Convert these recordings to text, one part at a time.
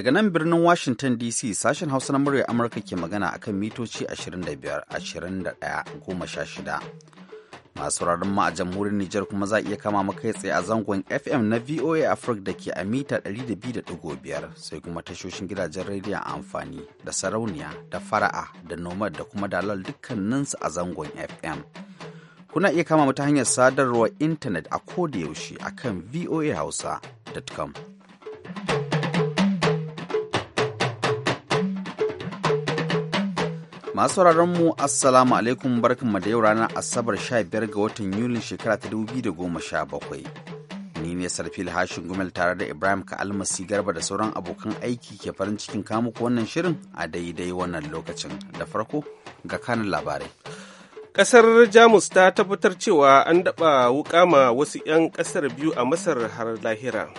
Daga nan birnin Washington DC sashen Hausa na murya Amurka ke magana a kan mitoci 25 21 shida Masu rarrun ma a jamhuriyar Nijar kuma za iya kama maka tsaye a zangon FM na VOA Africa da ke a mita 200.5 sai kuma tashoshin gidajen rediyo a amfani da sarauniya da fara'a da nomad da kuma dalal dukkaninsu a zangon FM. Kuna iya kama mu hanyar sadarwar intanet a kodayaushe kan voahausa.com. Masu mu Assalamu alaikum barkanmu da yau ranar Asabar 15 ga watan Yulin shekara ta 2017. Ni ne Sarfil Hashin Gumel tare da Ibrahim Ka'almasi Garba da sauran abokan aiki ke farin cikin ko wannan shirin a daidai wannan lokacin. Da farko ga kanin labarai. Kasar Jamus ta tabbatar cewa an daɓa wuka ma wasu 'yan ƙasar biyu a Masar har lahira.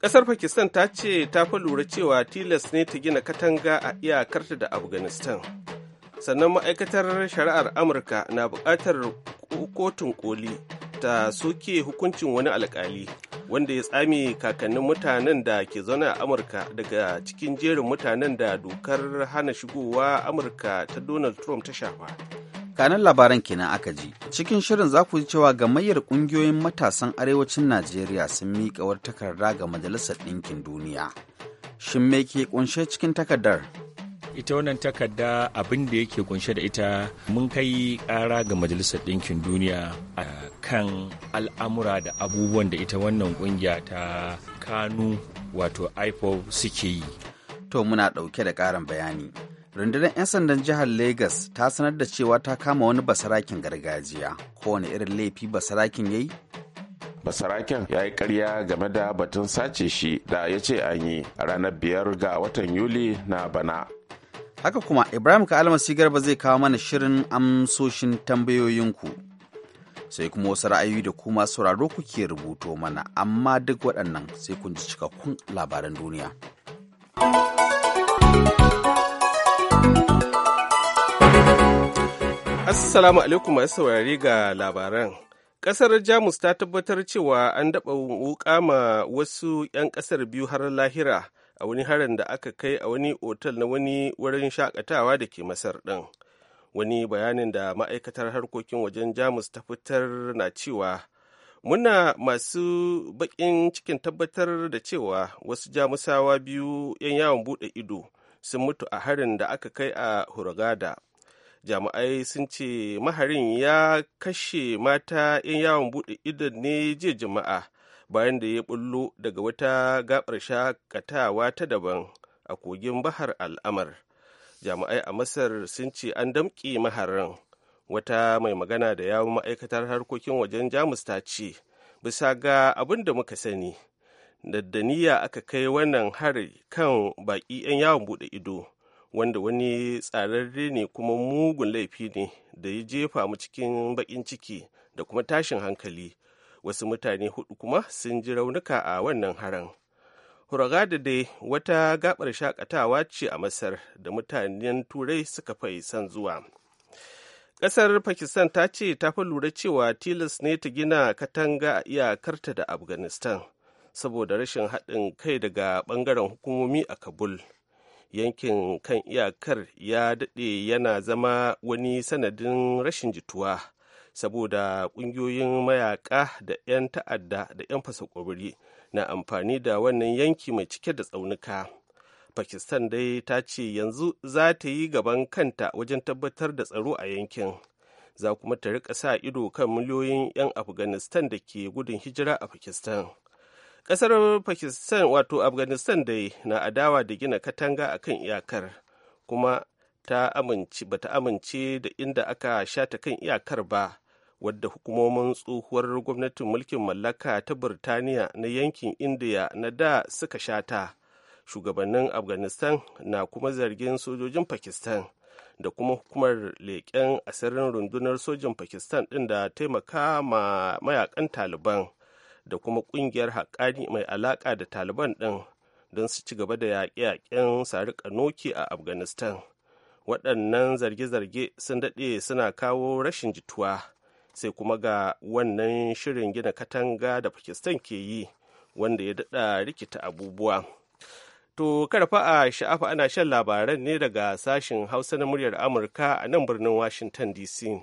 kasar pakistan ta ce ta fa lura cewa tilas ne ta gina katanga a iyakarta da afghanistan sannan ma'aikatar shari'ar amurka na buƙatar kotun koli ta soke hukuncin wani alkali wanda ya tsami kakannin mutanen da ke zaune a amurka daga cikin jerin mutanen da dokar hana shigowa amurka ta donald trump ta shafa kanan labaran kenan aka ji cikin shirin za ku ji cewa gamayyar ƙungiyoyin matasan arewacin najeriya sun miƙa wata takarda ga majalisar ɗinkin duniya shin me ke kunshe cikin takardar ita wannan takarda abin da yake kunshe da ita mun kai kara ga majalisar ɗinkin duniya a kan al'amura da abubuwan da ita wannan ƙungiya ta kanu wato ipob suke yi to muna ɗauke da ƙarin bayani rundunar 'yan sandan jihar Legas ta sanar da cewa ta kama wani basarakin gargajiya kowane irin laifi basarakin yayi basaraken ya yi karya game da batun sace shi da ya ce an yi a ranar biyar ga watan yuli na bana haka kuma ibrahim ka almasi garba zai kawo mana shirin amsoshin tambayoyinku sai kuma wasu ra'ayoyi da kuma sauraro kuke rubuto mana amma duk waɗannan sai kun ji cikakkun labaran duniya assalamu alaikum masu saurari ga labaran Ƙasar Jamus ta tabbatar cewa an daɓa wuƙa ma wasu 'yan ƙasar biyu har lahira a wani harin da aka kai a wani otal na wani wurin shakatawa da ke masar ɗin wani bayanin da ma'aikatar harkokin wajen jamus ta fitar na cewa muna masu baƙin cikin tabbatar da cewa wasu jamusawa biyu 'yan yawon buɗe ido sun mutu a harin da aka kai a hurgada jami'ai sun ce maharin ya kashe mata 'yan yawon buɗe ido ne jiya jama'a bayan da ya bullo daga wata gabar shakatawa ta daban a kogin bahar al'amar jami'ai a masar sun ce an damƙe maharin wata mai magana da yawon ma'aikatar harkokin wajen jamus ta ce bisa ga abin da muka sani daddaniya aka kai wannan hari kan baƙi 'yan yawon buɗe ido wanda wani tsararre ne kuma mugun laifi ne da ya jefa mu cikin baƙin ciki da kuma tashin hankali wasu mutane hudu kuma sun ji raunuka a wannan harin huragada dai wata gabar shakatawa ce a masar da mutanen turai suka fai son zuwa ƙasar pakistan ta ce ta fi lura cewa tilas ne ta gina katanga a iyakarta da afghanistan saboda rashin haɗin kai daga ɓangaren hukumomi a kabul yankin kan iyakar ya daɗe yana zama wani sanadin rashin jituwa saboda ƙungiyoyin mayaƙa da 'yan ta'adda da 'yan fasa ƙwabiri na amfani da wannan yanki mai cike da tsaunuka pakistan dai ta ce yanzu za ta yi gaban kanta wajen tabbatar da tsaro a yankin za kuma ta rika sa ido kan miliyoyin 'yan afghanistan da ke gudun hijira a pakistan kasar pakistan wato afghanistan dai na adawa da gina katanga a kan iyakar kuma ta amince bata amince da inda aka shata kan iyakar ba wadda hukumomin tsohuwar gwamnatin mulkin mallaka ta Birtaniya na yankin Indiya na da suka shata. Shugabannin Afghanistan na kuma zargin sojojin Pakistan da kuma hukumar leƙen asirin rundunar sojin Pakistan ɗin da taimaka ma mayakan Taliban da kuma ƙungiyar haƙari mai alaƙa da Taliban ɗin don su ci gaba da yaƙe-yaƙen sarika noki a Afghanistan. Waɗannan zarge-zarge sun daɗe suna kawo rashin jituwa. sai kuma ga wannan shirin gina katanga da pakistan ke yi wanda ya daɗa rikita abubuwa to karfa a sha'afa ana shan labaran ne daga sashen hausa na muryar amurka a nan birnin washington dc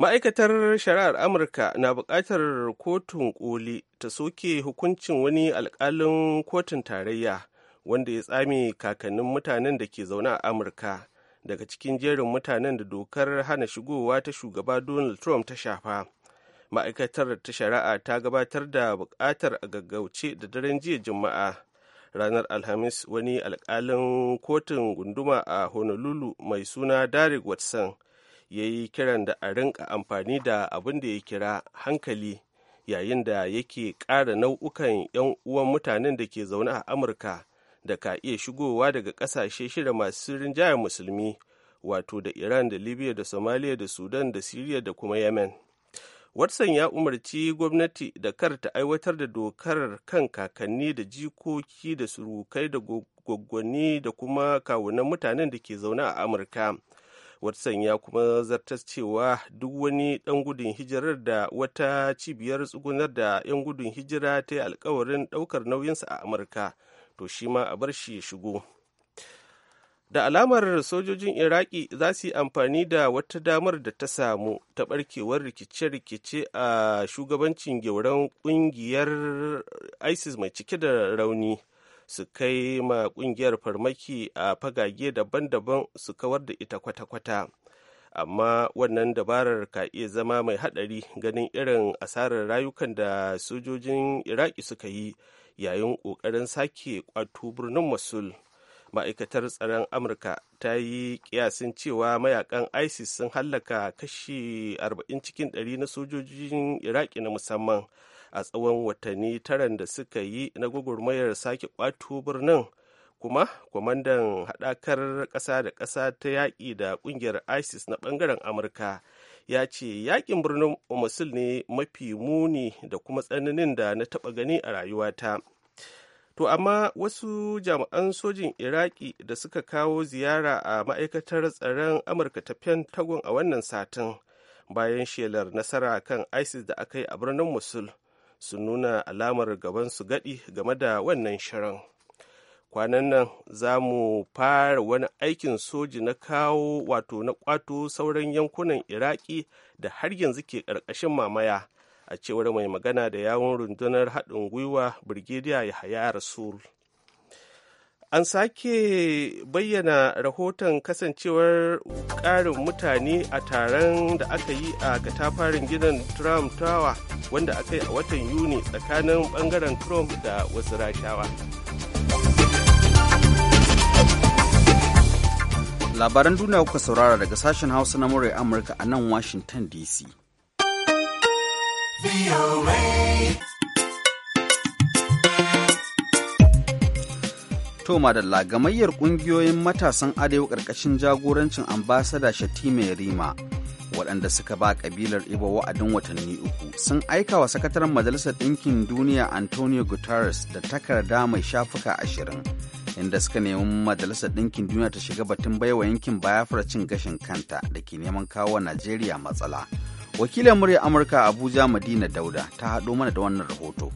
ma'aikatar shari'ar amurka na bukatar kotun koli ta soke hukuncin wani alkalin kotun tarayya wanda ya tsame kakannin mutanen da ke zaune a amurka daga cikin jerin mutanen da dokar hana shigowa ta shugaba donald trump ta shafa ma'aikatar ta shari'a ta gabatar da bukatar a gaggauce da daren jiya juma'a ranar alhamis wani alkalin kotun gunduma a honolulu mai suna derek watson ya yi kiran da a rinka amfani da abin da ya kira hankali yayin da yake ƙara nau'ukan 'yan uwan mutanen da ke zaune a amurka da ka iya shigowa daga ƙasashe shida masu rinjayen musulmi wato da iran da libya da somalia da sudan da syria da kuma yemen watson ya umarci gwamnati da kar ta aiwatar da dokar kan kakanni da jikoki da surukai da gwaggwani da kuma kawunan mutanen da ke zaune a amurka watson ya kuma zartas cewa duk wani ɗan gudun hijirar da wata cibiyar tsugunar da 'yan gudun hijira ta yi alkawarin ɗaukar nauyinsa a amurka to shi ma a bar shi ya shigo da alamar sojojin iraki za su yi amfani da wata damar da ta samu ta barkewar rikice-rikice a shugabancin gyauran kungiyar isis mai cike da rauni su kai ma kungiyar farmaki a fagage daban-daban su kawar da ita kwata-kwata amma wannan dabarar ka iya zama mai haɗari ganin irin asarar rayukan da sojojin iraki suka yi yayin ƙoƙarin sake ƙwato birnin mosul ma'aikatar tsaron amurka ta yi kiyasin cewa mayakan isis sun hallaka kashi 40 cikin 100 na sojojin iraki na musamman a tsawon watanni taran da suka yi na gugurmayar sake kwato birnin kuma kwamandan haɗakar ƙasa da ƙasa ta yaƙi da ƙungiyar isis na ɓangaren amurka ya ce yaƙin birnin mosul ne mafi muni da kuma tsananin da na taɓa gani a rayuwata to amma wasu jami'an sojin iraki da suka kawo ziyara a ma'aikatar tsaron amurka ta pentagon a wannan satin bayan shelar nasara kan isis da aka yi a birnin mosul Su nuna alamar gaban su gadi game da wannan shirin kwanan nan za mu fara wani aikin soji na kawo wato na kwato sauran yankunan iraki da har yanzu ke ƙarƙashin mamaya a cewar mai magana da yawon rundunar haɗin gwiwa birgidiya yahaya rasul an sake bayyana rahoton kasancewar ƙarin mutane a taron da aka yi a katafarin gidan trump tower wanda aka yi a watan yuni tsakanin bangaren trump da wasu rashawa labaran duniya kuka saurara daga sashen hausa na murai amurka a nan washington dc To madalla gamayyar ƙungiyoyin matasan arewa ƙarƙashin jagorancin ambasada Shatima Rima waɗanda suka ba ƙabilar Ibo wa'adin watanni uku sun aika wa sakataren Majalisar Ɗinkin Duniya Antonio Guterres da takarda mai shafuka ashirin inda suka nemi Majalisar Ɗinkin Duniya ta shiga batun baiwa yankin Biafra cin gashin kanta da ke neman kawo Najeriya matsala. Wakilin murya Amurka Abuja Madina Dauda ta haɗo mana da wannan rahoto.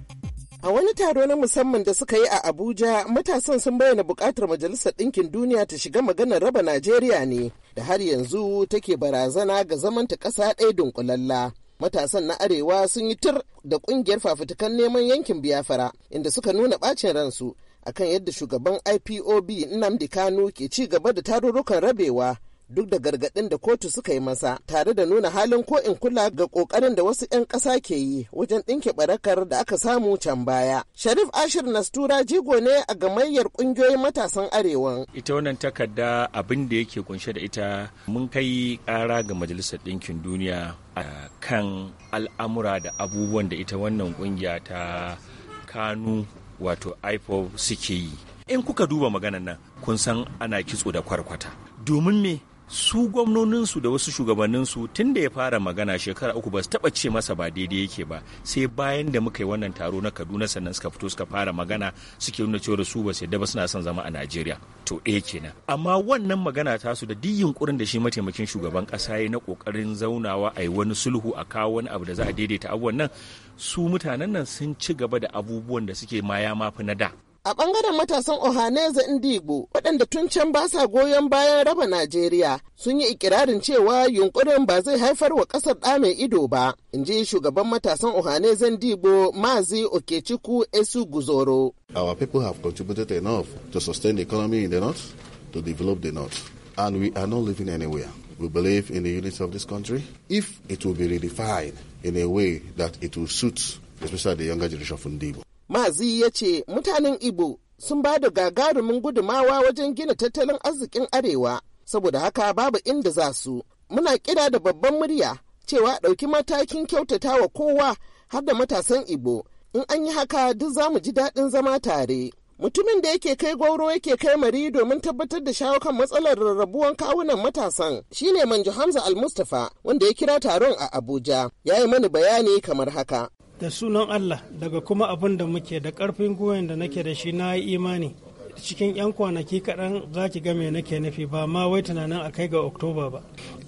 A wani taro na musamman da suka yi a Abuja, matasan sun bayyana buƙatar Majalisar Ɗinkin Duniya ta shiga maganar raba Najeriya ne, da har yanzu take barazana ga zamanta ƙasa ɗaya dunkulalla. Matasan na Arewa sun yi tur da ƙungiyar fafutukan neman yankin Biafra, inda suka nuna ɓacin ransu akan yadda shugaban IPOB Nnamdi Kanu ke ci gaba da tarurrukan rabewa duk da gargaɗin da kotu suka yi masa tare da nuna halin ko in kula ga ƙoƙarin da wasu 'yan ƙasa ke yi wajen ɗinke barakar da aka samu can baya. Sharif Ashir Nastura jigo ne a gamayyar ƙungiyoyin matasan Arewan. Ita wannan takarda abin da yake kunshe da ita mun kai ƙara ga Majalisar Ɗinkin Duniya a kan al'amura da abubuwan da ita wannan ƙungiya ta kanu wato IPOB suke yi. In kuka duba maganan nan kun san ana kitso da kwarkwata. Domin me su gwamnoninsu da wasu shugabanninsu tun da ya fara magana shekara uku ba su taba ce masa ba daidai yake ba sai bayan da muka yi wannan taro na kaduna sannan suka fito suka fara magana suke nuna cewa da su ba su yadda suna son zama a najeriya to ɗaya eh kenan amma wannan magana ta su da duk yunkurin da shi mataimakin shugaban ƙasa ya na ƙoƙarin zaunawa a yi wani sulhu a kawo wani abu da za a daidaita abubuwan nan su mutanen nan sun ci gaba da abubuwan da suke ma ya mafi na da A ɓangaren matasan Ohaneze Indigo, waɗanda tun can ba sa goyon bayan raba Najeriya, sun yi ikirarin cewa yunkurin ba zai haifar wa ƙasar ɗa mai ido ba, in ji shugaban matasan Ohaneze Indigo Mazi Okechukwu Esu Guzoro. Our people have contributed enough to sustain the economy in the north, to develop the north, and we are not living anywhere. We believe in the unity of this country. If it will be redefined in a way that it will suit especially the younger generation of Ndibo. Mazi ya ce mutanen Igbo sun ba da gagarumin gudumawa wajen gina tattalin arzikin Arewa, saboda haka babu inda za su. Muna kira da babban murya cewa ɗauki matakin kyautata wa kowa har da matasan ibo In an yi haka duk za mu ji daɗin zama tare. Mutumin da yake kai gwauro yake kai mari domin tabbatar da shawo kan matsalar rarrabuwan kawunan matasan shine Manjo Hamza Al-Mustapha wanda ya kira taron a Abuja. Ya yi mani bayani kamar haka. da sunan Allah daga kuma abin da muke da ƙarfin goyon da nake da shi na yi imani cikin 'yan kwanaki kaɗan za ki ga me nake nufi ba ma wai tunanin a kai ga oktoba ba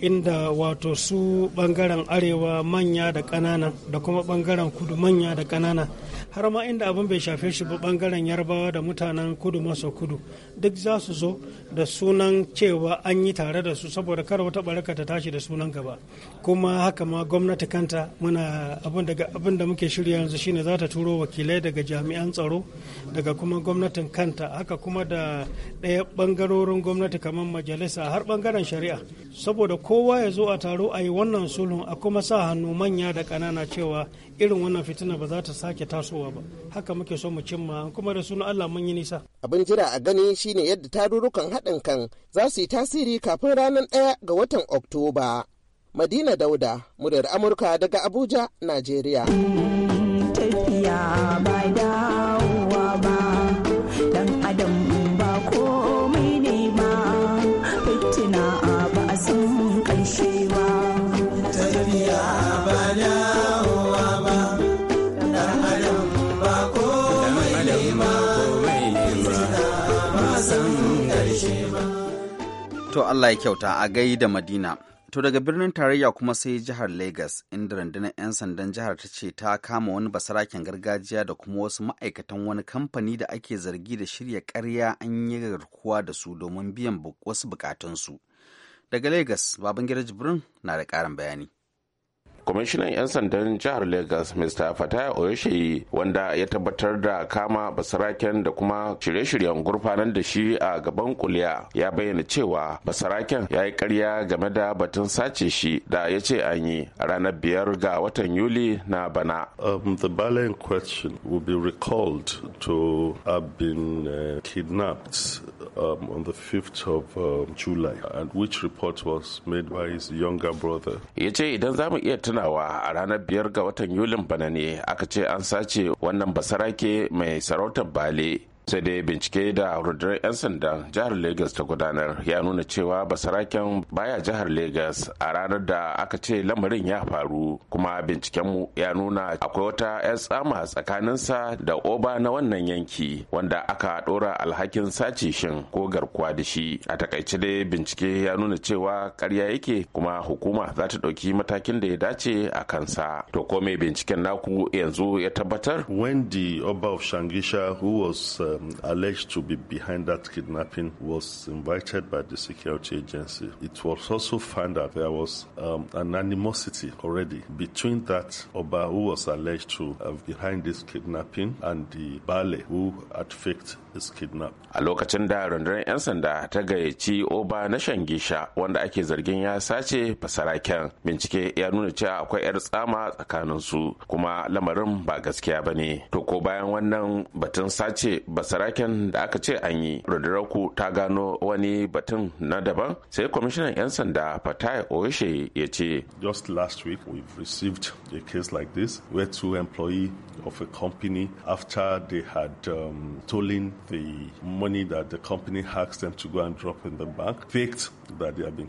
inda wato su ɓangaren arewa manya da ƙanana da kuma ɓangaren kudu manya da ƙanana har ma inda abin bai shafe shi ba bangaren yarbawa da mutanen kudu maso kudu duk za su zo da sunan cewa an yi tare da su saboda kar wata baraka ta tashi da sunan gaba kuma haka ma gwamnati kanta muna abin da muke shirya yanzu shine za ta turo wakilai daga jami'an tsaro daga kuma gwamnatin kanta haka kuma da ɗaya bangarorin gwamnati kamar majalisa har bangaren shari'a saboda kowa ya zo a taro a yi wannan sulhun a kuma sa hannu manya da ƙanana cewa irin wannan fitina ba za ta sake tasowa cimma ba haka muke so mu cimma kuma da sunan Allah mun yi nisa abin jira a gani shine yadda tarurrukan haɗin kan za su yi tasiri kafin ranar ɗaya ga watan Oktoba Madina Dauda muryar Amurka daga Abuja Najeriya tafiya ba To Allah ya kyauta a gai da Madina. To daga birnin tarayya kuma sai jihar lagos inda rundunar 'yan sandan jihar ta ce ta kama wani basaraken gargajiya da kuma wasu ma'aikatan wani kamfani da ake zargi da shirya karya an yi garkuwa da su domin biyan wasu bukatunsu. Daga lagos Babangida Jibrin na da ƙarin bayani. kwamishinan 'yan sandan jihar lagos mr fataya oyoshayi wanda ya tabbatar da kama basaraken da kuma shirye-shiryen gurfanar da shi a gaban kuliya ya bayyana cewa basaraken ya yi karya game da batun sace shi da ya ce an yi a ranar biyar ga watan yuli na bana um, the ballet question will be recalled to have been uh, kidnapped um, on the 5th of um, july and which report was made by his younger brother ya ce idan za mu iya tunawa a ranar biyar ga watan yulin bana ne aka ce an sace wannan basarake mai sarautar bale sai dai bincike da rundunar 'yan sandan jihar Legas ta gudanar ya nuna cewa basaraken baya jihar Legas a ranar da aka ce lamarin ya faru kuma mu ya nuna akwai wata 'yan tsama tsakaninsa da oba na wannan yanki wanda aka dora alhakin sace shin ko garkuwa da shi a takaice dai bincike ya nuna cewa karya yake kuma hukuma za ta ɗauki matakin da ya dace a kansa to ko mai binciken naku yanzu ya tabbatar when the oba of shangisha who was uh, um, alleged to be behind that kidnapping was invited by the security agency. It was also found that there was um, an animosity already between that Oba who was alleged to have behind this kidnapping and the Bale who had faked is kidnapped a lokacin da rundunar 'yan sanda ta gayyaci oba na shangisha wanda ake zargin ya sace fasaraken bincike ya nuna cewa akwai 'yar tsama tsakanin su kuma lamarin ba gaskiya ba ne to ko bayan wannan batun sace basaraken da aka ce an yi rundunar ta gano wani batun na daban sai kwamishinan 'yan sanda fatai oyeshe ya ce just last week we received a case like this where two employee of a company after they had um, stolen the money that the company asked them to go and drop in the bank, faked that they have been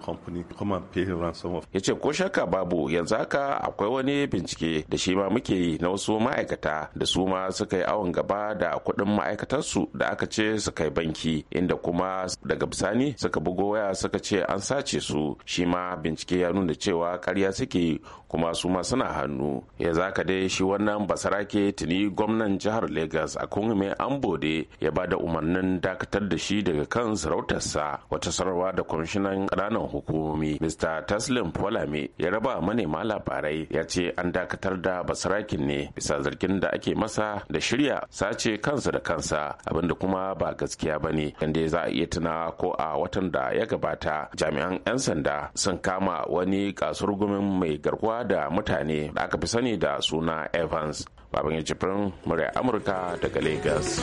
company to Yace ko shaka babu yanzu haka akwai wani bincike da shi ma muke yi na wasu ma'aikata da su ma suka yi awon gaba da kuɗin ma'aikatarsu da aka ce su kai banki inda kuma daga bisani suka bugo waya suka ce an sace su shi ma bincike ya nuna cewa karya suke kuma su ma suna hannu yanzu haka dai shi wannan basarake tuni gwamnan jihar Legas a kungume ambode ya ba da umarnin dakatar da shi daga kan sarautarsa wata sarwa da kwamishinan ƙananan hukumomi mr taslim polame ya raba manema labarai ya ce an dakatar da basarakin ne bisa zargin da ake masa da shirya sace kansa da kansa abinda kuma ba gaskiya ba ne inda za a iya tuna ko a watan da ya gabata jami'an 'yan sanda sun kama wani kasurgumin mai garkuwa da mutane da aka fi sani da suna evans baban ya murya amurka daga lagos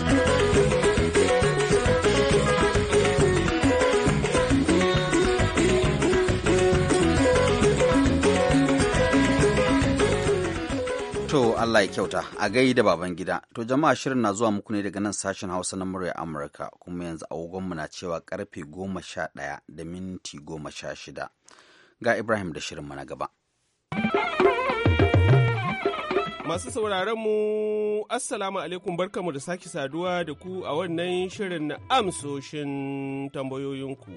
To Allah ya kyauta a gai da baban gida. To jama'a shirin na zuwa muku ne daga nan sashen Hausa na murya Amurka kuma yanzu agogonmu na cewa karfe goma sha ɗaya da minti goma sha shida. Ga Ibrahim da shirinmu na gaba. Masu sauraron mu mu assalamu alaikum barkamu da sake saduwa da ku a wannan shirin na amsoshin tambayoyinku.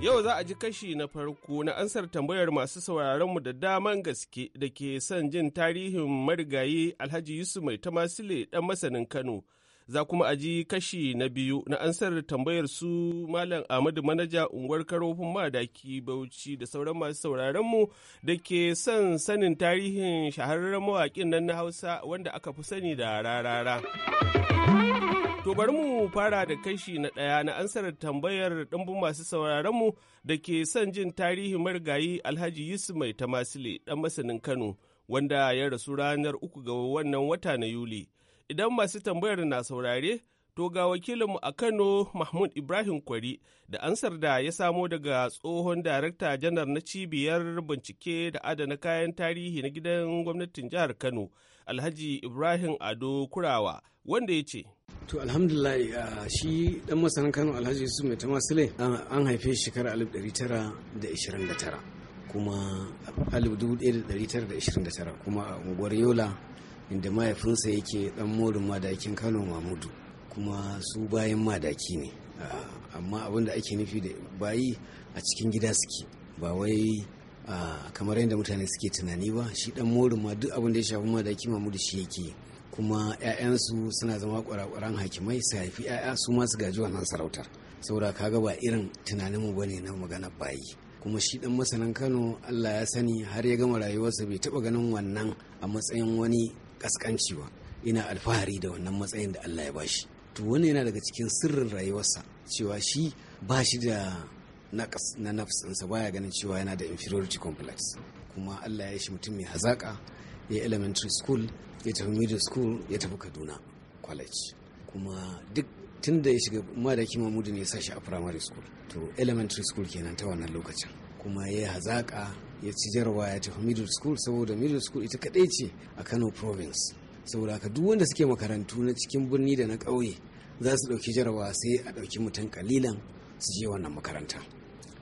Yau za a ji kashi na farko na ansar tambayar masu sauraronmu da daman gaske da ke son jin tarihin marigayi Alhaji Yusuf Mai Tamasile ɗan masanin Kano za kuma a ji kashi na biyu na ansar tambayar su malam ahmadu manaja unguwar karofin madaki bauchi da sauran masu sauraron mu da ke son sanin tarihin shahararren mawaƙin nan na hausa wanda aka fi sani da rarara To bari mu fara da kashi na ɗaya na ansar tambayar ɗumbin masu sauraron mu da ke son jin tarihin marigayi Alhaji Yusuf Mai Tamasile ɗan masanin Kano wanda ya rasu ranar uku ga wannan wata na Yuli. Idan masu tambayar na saurare, to ga wakilinmu a Kano Mahmud Ibrahim Kwari da ansar da ya samo daga tsohon darakta janar na cibiyar bincike da adana kayan tarihi na gidan gwamnatin jihar Kano, Alhaji Ibrahim Ado Kurawa, wanda ya ce. To alhamdulillah uh, shi dan masanin Kano Alhaji Yusuf Mai Tamasile an haife shekarar 1929 kuma 1929 kuma a unguwar Yola inda mahaifinsa yake dan morin madakin kano mamudu kuma su bayan madaki ne ah, amma abin da ake nufi da bayi a cikin gida suke ba wai ah, kamar yadda mutane suke tunani ba shi dan morin ma duk abin da ya shafi madaki mamudu shi yake kuma 'ya'yansu suna zama kwarakwaran hakimai su haifi 'ya'ya su ma su gaji wannan sarautar saboda kaga ba irin tunaninmu bane na magana bayi kuma shi dan masanin kano allah ya sani har ya gama rayuwarsa bai taba ganin wannan a matsayin wani kaskanci ba ina alfahari da wannan matsayin da Allah ya bashi to wannan yana daga cikin sirrin rayuwarsa cewa shi ba shi da naƙas na nafsinsa baya ganin cewa yana da inferiority complex kuma Allah ya shi mutum mai hazaka ya elementary school ya tafi middle school ya tafi Kaduna college kuma duk tun da ya shiga ma da kima mudu ne ya sashi a primary school to elementary school kenan ta wannan lokacin kuma ya yi hazaka ya ci jarawa ya tafi middle school saboda middle school ita kadai ce a kano province saboda haka duk wanda suke makarantu na cikin birni da na ƙauye za su ɗauki jarawa sai a ɗauki mutum kalilan su je wannan makaranta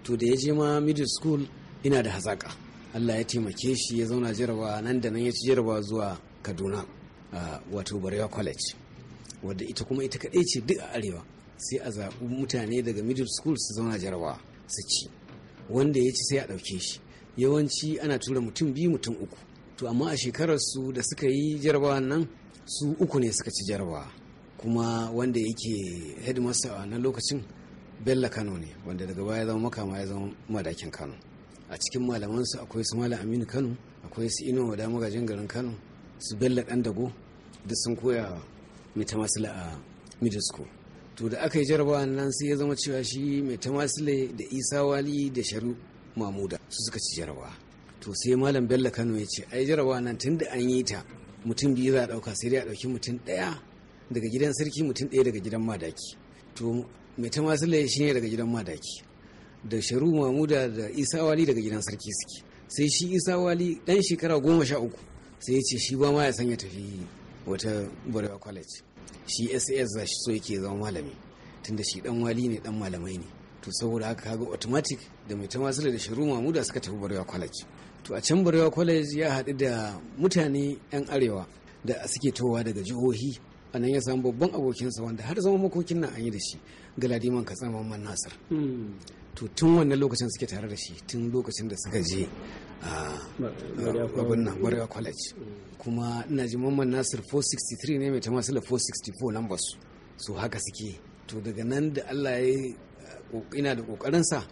to da ya je ma middle school ina da hazaƙa allah ya taimake shi ya zauna jarawa nan da nan ya ci jarawa zuwa kaduna wato barewa college wadda ita kuma ita kaɗai ce duk a arewa sai a zaɓi mutane daga middle school su zauna jarawa su ci wanda ya ci sai a ɗauke shi yawanci ana tura mutum biyu mutum uku to amma a shekarar su da suka yi jarabawa nan su uku ne suka ci jarabawa kuma wanda yake headmaster a nan lokacin bella kano ne wanda daga baya zama makama ya zama madakin kano a cikin su akwai su malam aminu kano akwai su ino da magajin garin kano su bella dan dago duk sun koya mai tamasila a middle school to da aka yi jarabawa nan sai ya zama cewa shi mai tamasila da isa wali da sharu mamuda su suka ci jarawa to sai malam bello kano ya ce ai jarawa nan tun da an yi ta mutum biyu za a ɗauka sai dai a ɗauki mutum ɗaya daga gidan sarki mutum ɗaya daga gidan madaki to mai ta masu shi ne daga gidan madaki da sharu mamuda da isa wali daga gidan sarki suke sai shi isa wali ɗan shekara goma sha uku sai ya ce shi ba ma ya sanya tafi wata barewa college shi sas za shi so yake zama malami tunda shi dan wali ne dan malamai ne to saboda haka kaga automatic da mai tamasila da shiru mamuda suka tafi barewa college to a can barewa college ya haɗu da mutane 'yan arewa da suke towa daga jihohi a nan ya samu babban abokinsa wanda har zama makokin nan an yi da shi galadiman katsama man nasir hmm. to tun wannan lokacin suke tare da shi tun lokacin da suka je a barewa college kuma ina ji mamman nasir 463 ne mai tamasila 464 numbers su haka suke to daga nan da allah ya ina da sa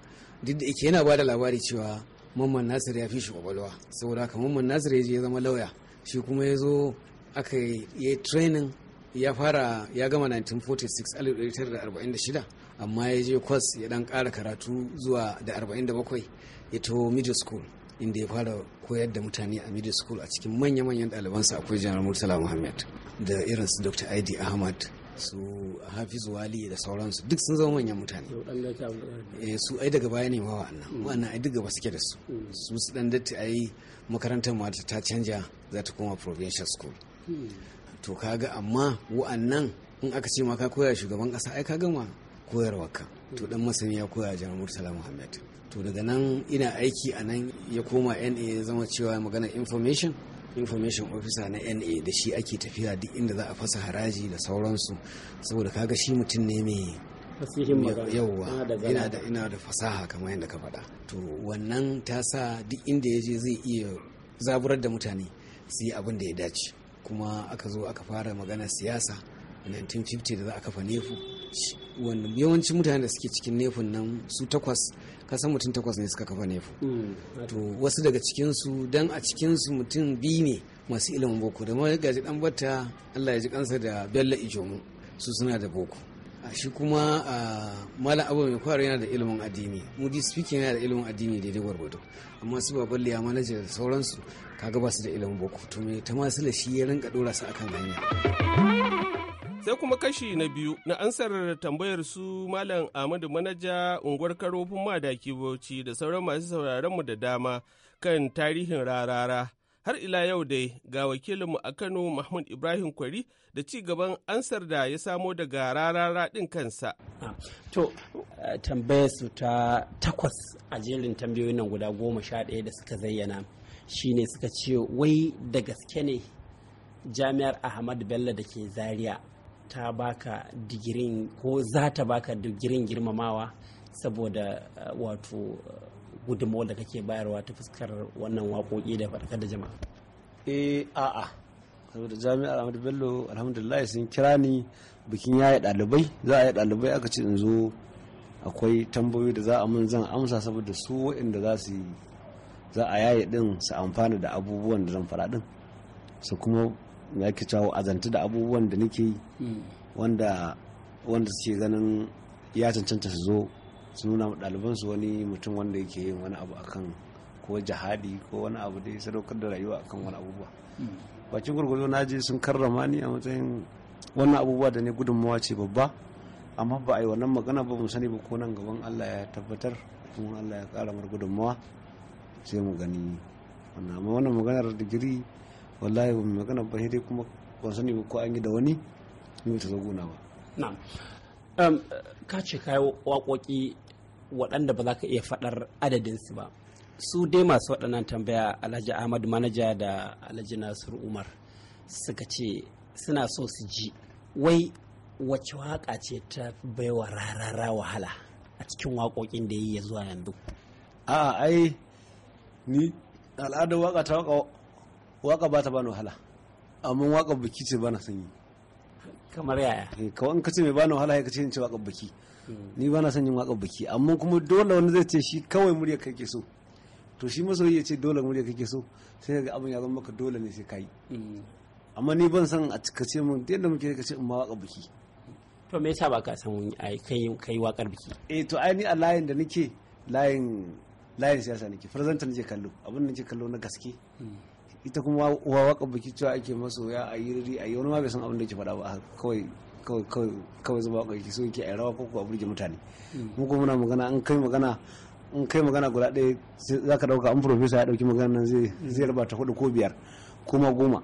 duk da yake yana bada labari cewa mamman nasir ya fi shi kwakwalwa saboda haka mamman nasir ya je ya zama lauya shi kuma ya zo aka yi training ya fara ya gama 1946 amma ya je kwas ya dan kara karatu zuwa da 47 ya to middle school inda ya fara koyar da mutane a middle school a cikin manya-manyan ɗalibansa akwai janar murtala muhammad da irinsu dr id ahmad su hafizu wali da sauransu duk sun zama manyan mutane eh, su ai daga baya ne mawa annan mm. wa'annan ai duk gaba suke da su mm. su su dan datti ai makarantar mata ta canja za ta koma provincial school mm. to kaga amma wa'annan in aka ce ma ka koya shugaban kasa ai ka gama koyarwa ka to dan masani ya koya jan murtala muhammad to daga nan ina aiki a nan ya koma na ya zama cewa magana information information officer na na da shi ake tafiya duk inda za a fasa haraji da sauransu saboda kaga shi mutum ne mai yauwa ina da fasaha kamar yadda ka faɗa to wannan ta sa duk inda ya je zai iya zaburar da mutane su yi abin da ya dace kuma aka zo aka fara magana siyasa 1950 da za a kafa nefu wanda yawancin mutane da suke cikin nefin nan su takwas kasan mutum takwas ne suka kafa nefu mm, to wasu daga cikinsu dan a cikinsu mutum biyu ne masu ilimin boko da gaji dan bata allah ya ji kansa da bello ijomu su suna da boko A shi kuma malam abu mai kwaro yana da ilimin addini mudi speaking yana da ilimin addini daidai gwargwado amma su balle ya manaja da sauransu kaga ba da ilimin boko to me ta masu shi ya rinka dora su akan hanya sai kuma kashi na biyu na ansar tambayar su malam ahmadu manaja unguwar karofin madaki bauchi da sauran masu sauraron mu da dama kan tarihin rarara har ila yau dai ga wakilinmu a kano mahmud ibrahim kwari da ci gaban ansar da ya samo daga rarara ɗin kansa ah, to eh, tambayar su ta takwas a jerin tambayoyin nan guda goma sha ɗaya da suka zayyana shine suka ce wai da gaske ne jami'ar ahmad bello da ke zaria ta baka digirin ko za ta baka digirin girmamawa saboda eh, wato eh, gudunmawar da kake bayarwa ta fuskar wannan waƙoƙi da faɗakar da jama'a eh a'a saboda jami'ar ahmadu bello alhamdulillah sun kira ni bikin ya yi ɗalibai za a yi ɗalibai aka ce in zo akwai tambayoyi da za a mun zan amsa saboda su waɗanda za su yi za a yaye ɗin su amfana da abubuwan da zan faɗa din su kuma ya ke cewa azanta da abubuwan da nake yi wanda wanda suke ganin ya cancanta su zo su nuna su wani mutum wanda yake yin wani abu akan ko jihadi ko wani abu dai sadaukar da rayuwa akan wani abubuwa bakin gurgurzo na je sun karrama ni a matsayin wannan abubuwa da ne gudunmawa ce babba amma ba a yi wannan magana ba mu sani ba ko nan gaban Allah ya tabbatar kuma Allah ya kara mar gudunmawa sai mu gani wannan maganar digiri wallahi ba mai magana ba dai kuma ban sani ba ko an yi da wani ni ta zo gona ba na'am ka ce kai waƙoƙi waɗanda ba za ka iya faɗar adadin su ba su dai masu waɗannan tambaya Alhaji Ahmad manaja da Alhaji Nasir Umar suka ce suna so su ji wai wacce waƙa ce ta baiwa rarara wahala a cikin waƙoƙin da ya zuwa yanzu A'a, ai ni al'adar waƙa ta waƙa waka ba ta bani wahala amma waka biki ce bana sanyi kamar yaya eh, kawai in ka ce mai bani wahala ya ce in ce waka biki hmm. ni bana son waka biki amma kuma dole wani zai ce shi kawai murya kake so to shi masoyi ya ce dole murya kake so sai ga abin ya zama maka dole ne sai ka yi hmm. amma ni ban san a cika ce mun yadda muke kace in ma waka biki to me yasa ba ka san ai kai kai wakar biki eh to ai ni a layin da nake layin layin siyasa nake farzanta nake kallo abin da nake kallo na gaske hmm. ita kuma wa waka baki cewa ake masoya a yi riri a yi wani ma bai san abin da ke faɗa ba kawai kawai zama waka yake so yake a rawa ko kuwa burge mutane hmm. mu kuma muna magana an kai magana in kai magana guda ɗaya za ka ɗauka an profesa ya ɗauki magana nan hmm. zai raba ta hudu ko biyar kuma goma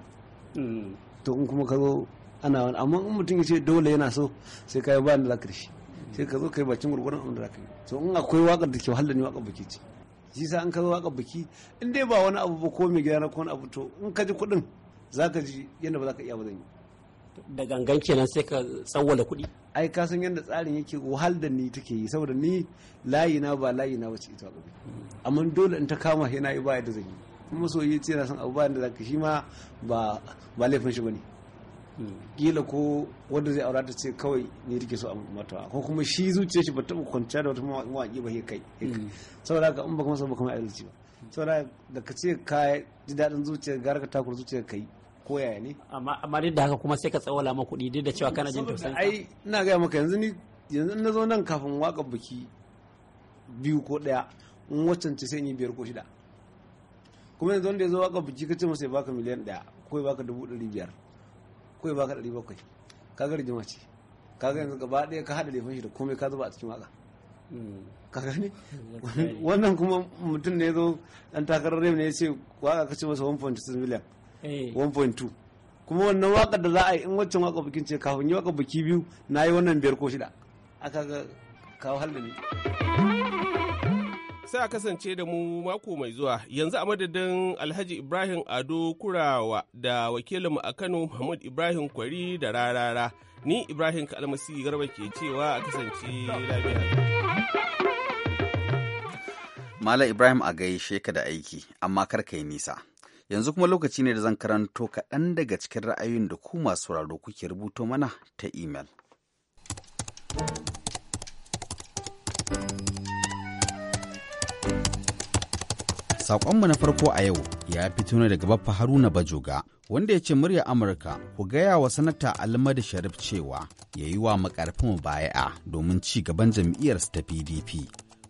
hmm. to in kuma ka zo ana wani amma in mutum ya ce dole yana so sai ka yi ba da za ka sai ka zo ka yi bacin gurgurin abin da za ka yi to in akwai waƙar da ke wahalar ne waka baki ce jisa an ka zo waka biki in dai ba wani abu ba ko mai gida na ko wani abu to in ka ji kuɗin za ka ji yadda ba za ka iya ba zan yi da gangan kenan sai ka tsawwala kuɗi ai ka san yadda tsarin yake wahal da ni take yi saboda ni layi na ba layi na wace ita gobe amma dole in ta kama yana yi ba yadda zan yi kuma soyayya ce na san abu ba yadda zaka shi ma ba ba laifin shi bane kila ko wanda zai aura ta ce kawai ne take so a mata ko kuma shi zuciya shi ba ta kwanciya da wata mawaƙi ba kai mm. saboda ka in baka masa baka mai adalci ba saboda da ka ce ka ji dadin zuciya gara ka takura zuciya kai ko yaya ne amma duk da haka kuma sai ka tsawala ma kuɗi duk da cewa kana jin tausayin ai ina gaya maka yanzu ni yanzu na zo nan kafin waƙar biki biyu ko ɗaya in waccan ce sai in yi biyar ko shida kuma yanzu wanda ya zo waƙar biki ka ce masa ya baka miliyan ɗaya ko ya baka dubu ɗari biyar kawai ya baka ɗari bakwai kaga rijima ce kaga yanzu gaba ɗaya ka haɗa laifin shi da komai ka zuba a cikin waka ka gani wannan kuma mutum ne zo ɗan takarar rem ne ya ce waka ka ce masa 1.6 miliyan 1.2 kuma wannan waka da za a yi in waccan waka bikin ce kafin yi waka biki biyu na yi wannan biyar ko shida aka kawo halin ne sai a kasance da mu mako mai zuwa yanzu a madadin alhaji ibrahim ado kurawa da wakilinmu a kano muhammad ibrahim kwari da rarara ni ibrahim kalmasi garba ke cewa a kasance lafiya Malam Ibrahim a gaishe ka da aiki, amma kar ka yi nisa. Yanzu kuma lokaci ne da zan karanto kaɗan daga cikin ra'ayoyin da ku masu sauraro kuke rubuto mana ta imel. Saƙonmu na farko a yau ya fito ne daga Baffa Haruna Bajoga, wanda ya ce murya Amurka ku gaya wa sanata Almadi Sharif cewa ya yi wa makarfin baya'a domin ci gaban jam'iyyarsa ta PDP.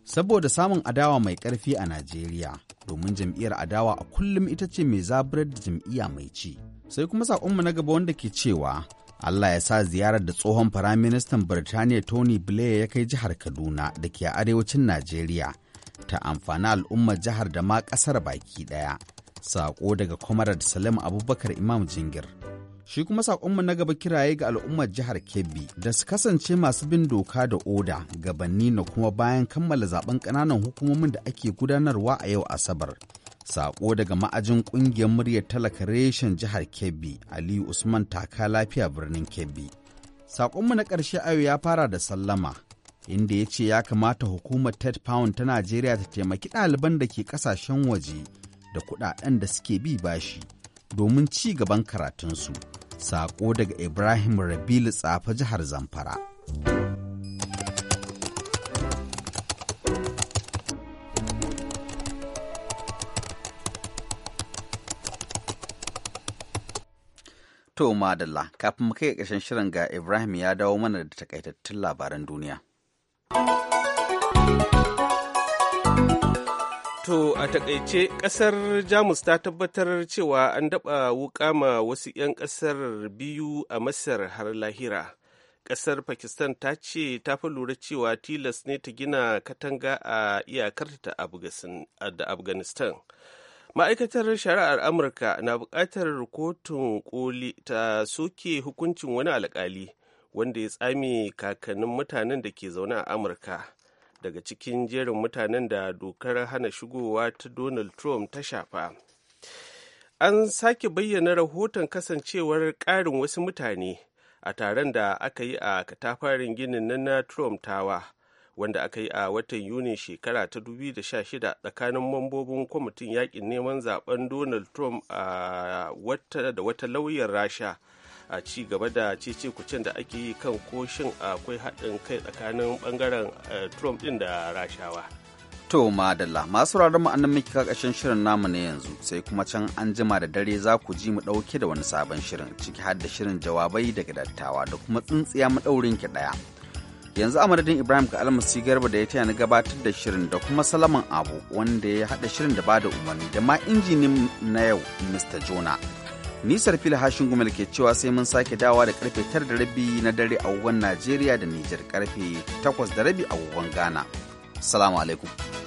Saboda samun adawa mai ƙarfi a Najeriya, domin jam'iyyar adawa a kullum ita ce mai zaburar da jam'iyya mai ci. Sai kuma saƙonmu na gaba wanda ke cewa Allah ya sa ziyarar da tsohon Firaministan Birtaniya Tony Blair ya kai jihar Kaduna da ke arewacin Najeriya ta amfani al'ummar jihar da ma ƙasar baki ɗaya. Saƙo daga Comrade Salim Abubakar Imam Jingir. Shi kuma saƙonmu na gaba kiraye ga al'ummar jihar Kebbi da su kasance masu bin doka da oda gabanni na kuma bayan kammala zaben ƙananan hukumomin da ake gudanarwa a yau Asabar. Saƙo daga ma'ajin ƙungiyar muryar talaka reshen jihar Kebbi, Aliyu Usman Taka lafiya birnin Kebbi. Saƙonmu na ƙarshe ayo ya fara da sallama inda ya ce ya kamata hukumar ted pound ta najeriya ta taimaki ɗaliban da ke ƙasashen waje da kuɗaɗen da suke bi bashi domin ci gaban karatunsu saƙo daga ibrahim rabilu tsafa jihar zamfara To Madalla, kafin mu kai ƙarshen shirin ga Ibrahim ya dawo mana da takaitattun labaran duniya. To a takaice ƙasar Jamus ta tabbatar cewa an daɓa wuƙa ma wasu 'yan ƙasar biyu a Masar har lahira. Ƙasar Pakistan ta ce ta fi lura cewa tilas ne ta gina katanga a iyakarta da Afghanistan. Ma'aikatar shari'ar Amurka na buƙatar kotun koli ta soke hukuncin wani alƙali. wanda ya tsame kakannin mutanen da ke zaune a amurka daga cikin jerin mutanen da dokar hana shigowa ta donald trump ta shafa an sake bayyana rahoton kasancewar ƙarin wasu mutane a taron da aka yi a katafarin ginin na trump tawa wanda aka yi a watan yuni shekara ta 2016 tsakanin mambobin kwamitin yakin neman zaben donald trump a wata da wata lauyar rasha a ci gaba da cece kucin da ake yi kan koshin akwai haɗin kai tsakanin ɓangaren eh, trump ɗin da rashawa to madalla masu rarar annan miki kakashin shirin namu ne yanzu sai kuma can an jima da dare za ku ji mu ɗauke da wani sabon shirin ciki har da shirin jawabai daga dattawa da kuma tsintsiya maɗaurin ki ɗaya yanzu a ibrahim ka almasi garba da ya taya ni gabatar da shirin da kuma salaman abu wanda ya haɗa shirin da bada umarni da ma injinin na yau mr jona Nisar fil hashin gumel ke cewa sai mun sake dawa da karfe tara da rabi na dare a Najeriya da Nijar karfe takwas da rabi a Ghana. Salamu alaikum.